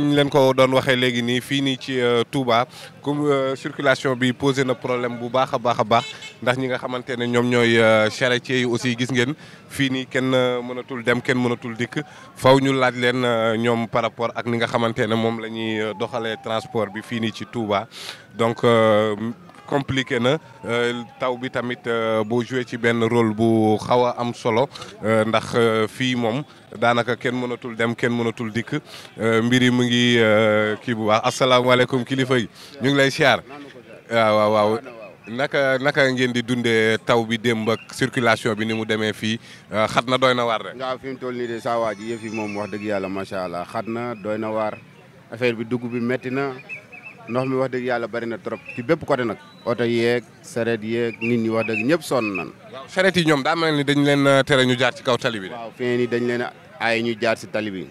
ñu leen ko doon waxee léegi ni fii nii ci euh, Touba comme euh, circulation bi posé na problème bu baax a baax ndax ñi nga xamante ne ñoom ñooy euh, charretier yi aussi gis ngeen fii nii kenn mënatul dem kenn mënatul dik faaw ñu laaj len ñom par rapport ak ni nga xamante ne moom la ñuy transport bi fii nii ci Touba donc compliqué na euh, taw bi tamit euh, boo joué ci benn rôle bu xaw a am solo euh, ndax fii moom daanaka kenn mënatul dem kenn mënatul dikk mbir yi mu ngi kii bu baax asalaamaaleykum kilifa yi ñu ngi lay siyaar waaw waaw waaw naka naka ngeen di dundee taw bi dem ak circulation bi ni mu demee fii xat na doy na waar rek. waaw fi mu toll nii de saa waa ji yëf yi moom wax dëgg yàlla macha allah xat na doy na waar affaire bi dugg bi metti ndox mi wax dëgg yàlla bari na trop ci bépp côté nag oto yeeg sareet yeeg nit ñi wax dëgg ñëpp sonn nan waaw sareet yi ñoom daa mel ni dañ leen euh, tere ñu jaar ci kaw tali bi. waaw fii nii dañ leen ay ñu jaar si tali bi.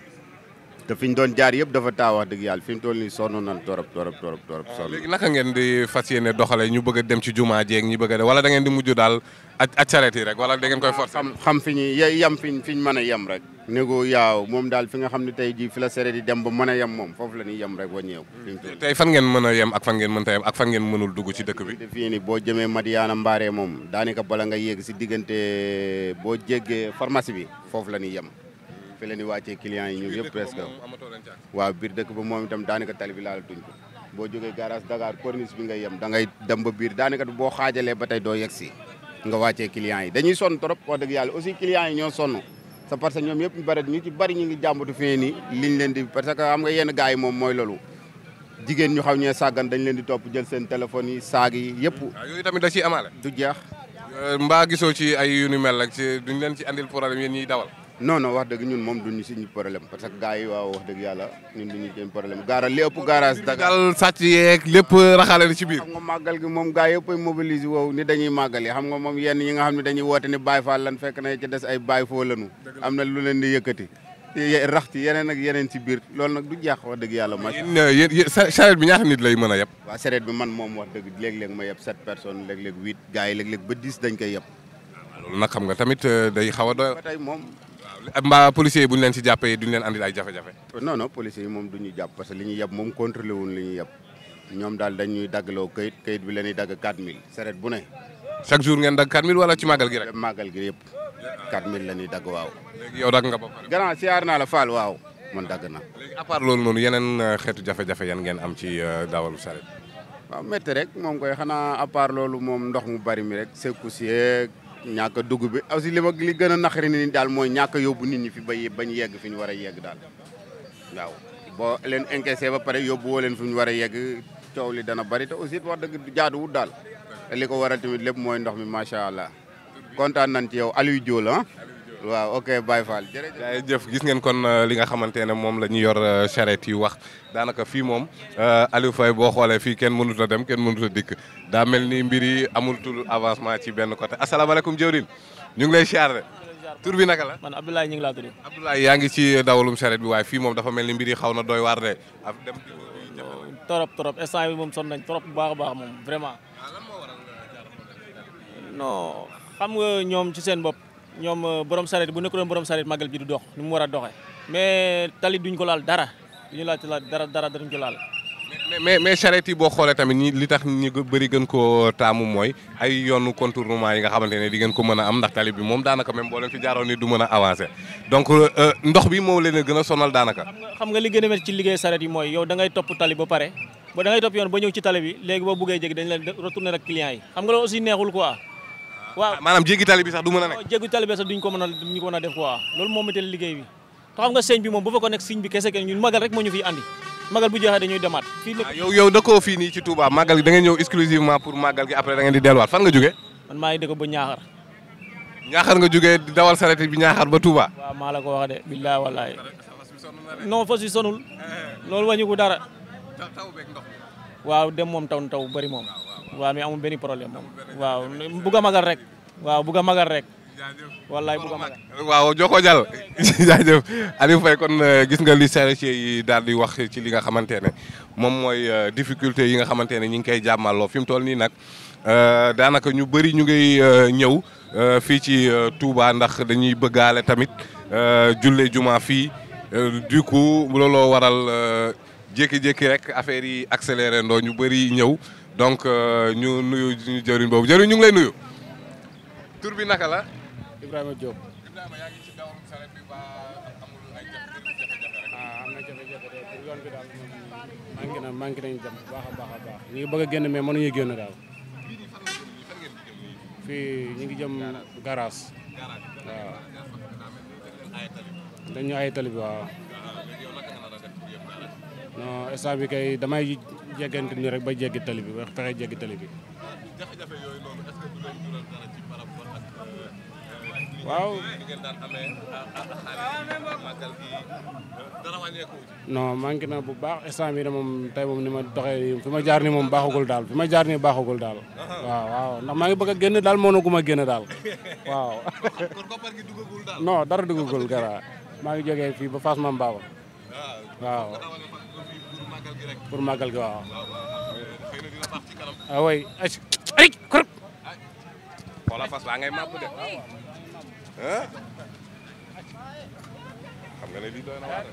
te fi ñu doon jaar yëpp dafa taa wax dëgg yàlla fi mu toll nii sonn torop torop torop torop ah, léegi naka ngeen di fas yéene doxale ñu bëgg a dem ci jumaa jeeg ñu bëgg a wala da ngeen di mujj daal ak sareet yi rek wala da ngeen koy forcer xam fi ñuy yem fiñ fi ñu mën a yem rek négo yaaw moom daal fi nga xam ne tey jii fi la sareet yi dem ba mën a yem moom foofu la ñuy yem rek waññeew tey fan ngeen mën a yem ak fan ngeen mën ta yem ak fan ngeen mënul dugg ci dëkk bi fii boo jëmee Madiana moom daanaka bala nga si diggante boo jéggee pharmacie bi foofu la ñuy yem fi leen di wàccee clients yi ñu yëpp presque waaw biir dëkk ba moom itam daanaka tali laal tuñ ko boo jógee garage Dakar corniche bi ngay yem da ngay dem ba biir daanaka boo xaajalee ba tey doo nga wàccee clients yi dañuy sonn trop wax dëgg yàlla aussi clients yi ñoo sonn sa parce que yëpp bari ñu ci bari ñu ngi jàmbatu fee nii liñ leen di parce que am nga yenn gars yi moom mooy loolu ñu xaw ñee sàggan dañ leen di topp jël seen téléphones yi yi yëpp tamit da du jeex euh, gisoo ci ay yu mel ci duñ leen ci andil dawal non non wax dëgg ñun moom duñu suñu problème parce que gars yi waaw wax dëgg yàlla ñun duñu seen problème gaara li ëpp garage dagal sàcc yeeg lépp raxale moom gars yëpp ay mobilise wow ni dañuy xam nga moom yenn ñi nga xam ne dañuy woote na ci leen di yëkkati yeneen ak yeneen ci biir loolu nag du jàq dëgg yàlla ma euh, charrette bi ñaata nit moom wax dëgg léeg-léeg ba dix dañ koy yeb loolu xam nga tamit euh, day xaw a doy ba tey mbaa policiers yi bu ñu leen si jàppee duñ leen andil ay jafe-jafe. non non policiers yi moom du ñu jàpp parce que li ñuy yab moom contrôlé wuñ li ñuy yab ñoom daal dañ ñuy daggloo kayit bi la ñuy dagg 4000 saret bu ne. chaque jour ngeen dagg 4000 wala ci màggal gi rek. màggal gi yëpp 4000 la ñuy dagg waaw. léegi yow dagg nga ba pare. grand siyaar naa la Fall waaw man dagg naa. yeneen euh, xeetu jafe-jafe yan ngeen am ci euh, daawalu saret. waaw métti rek moom koy xanaa à part loolu moom ndox mu bari mi rek sekku ñàkk a bi aussi li ma li gën a naqari ni daal mooy ñàkk a yóbbu nit ñi fi ba bañ yegg fi ñu war a yegg daal waaw boo leen encaissé ba pare yóbbu woo leen fi ñu war a yegg coow li dana bari te aussi wax dëgg jaaduwul daal li ko waral tamit lépp mooy ndox mi macha allah kontaan nañ ci yow Aliou Diol ah. waaw ok Baye Fall jërëjëf. jërëjëf gis ngeen kon euh, li nga xamante ne moom la ñu yor euh, charrette yi wax daanaka fii moom euh, Aliou Faye boo xoolee fii kenn mënut a dem kenn mënut a dikk daa mel ni mbir yi amul tul avancement ci benn côté asalaamaaleykum jëwriñ ñu ngi lay charré. tur bi naka la man Abdoulaye ñu ngi laa tudd. Abdoulaye yaa ngi ci dawalum charrette bi waaye fii moom dafa mel ni mbir yi xaw na doy waar de. dem oh, torop torop instant bi moom son nañ torop bu baax a baax moom vraiment. Ah, non xam nga ñoom ci seen bopp. ñoom euh, borom sareet bu nekkoon borom sareet màggal bi du dox ni war a doxee mais tali duñ ko laal dara duñu laal ci laal dara dara duñ ko laal. mais mais yi boo xoolee tamit li tax ñi bëri gën ko taamu mooy ay yoonu contournement yi nga xamante ne di ngeen ko mën a am ndax tali bi moom daanaka même boo leen fi jaaroon ni du mën a donc euh, euh, ndox bi moom leen a gën a sonal daanaka. xam nga li gën a métti ci liggéey charrette yi mooy yow da ngay topp tali ba pare ba da ngay topp yoon ba ñëw ci tali bi léegi boo buggee jéggi dañ leen retourner ak client yi xam aussi neexul quoi. manam maanaam tali bi sax duma la nek nekk oh, tali bi sax duñ ko mëna a duñ ko mëna def quoi loolu mo metel liggéey bi xam nga señ bi mom bu fa ko nek señ bi kese kenn ñun magal rek mo ñu fi andi magal bu jeexee dañuy demaat fii ah, yow yow dakoo fi ni ci Touba magal da nga ñew exclusivement pour magal gi après da nga di delwat fan nga jógee man ma ngi dëkk bu ñaaxar ñaaxar nga di dawal sarati bi ñaaxar ba Touba wa ma la ko wax de wallahi non fa yi sonul eh. loolu wañu ko dara waaw dem mom taw taw bari mom waaw mais amul benn problème moom waaw a magal rek waaw bugg a magal rek wallaay bugg jal jaajëf Aliou Faye kon euh, gis nga li charretier daal di wax ci li nga xamante ne moom mooy euh, difficulté yi nga xamante ne ñi ngi koy jàmmaloo fi mu toll nii nag euh, daanaka ñu bëri ñu ngi ñëw fii ci Touba ndax dañuy bëggaale tamit julle juma fii du coup looloo waral jékki-jékki rek affaire yi accéléré ndoo ñu bëri ñëw donc euh, ñu nuyu ñu jëriñ boobu jëriñ ñu ngi lay nuyu. tur bi naka la. Ibrahima Diop. Ibrahima yaa ngi ci ah, am na jafe-jafe de baax a baax a baax ñu ngi génn a génn a mënuñu génn daal. fii ñu ngi jëm garage. waaw. ay tali waaw. Ah, non instant bi kay damay. jegganti ni rek ba jeggi tali bi ba fexe jeggi tali bi. jafe-jafe euh, euh, waaw ah, ah, ah, euh, non manqué na bu baax instant bii de moom tey moom ni ma doxee fi ma jaar ni moom baaxagul daal fi ma jaar ni baaxagul daal. Uh-huh. waaw waaw ndax maa ngi bëgg a génn daal mënu gu ma génn daal waaw. non dara duggagul gara maa ngi jógee fii ba Fass Mame Baba waaw. pour màggal gi waaw. ah oui. voilà fas baa ngay màpp de ah xam nga ne lii doy na waar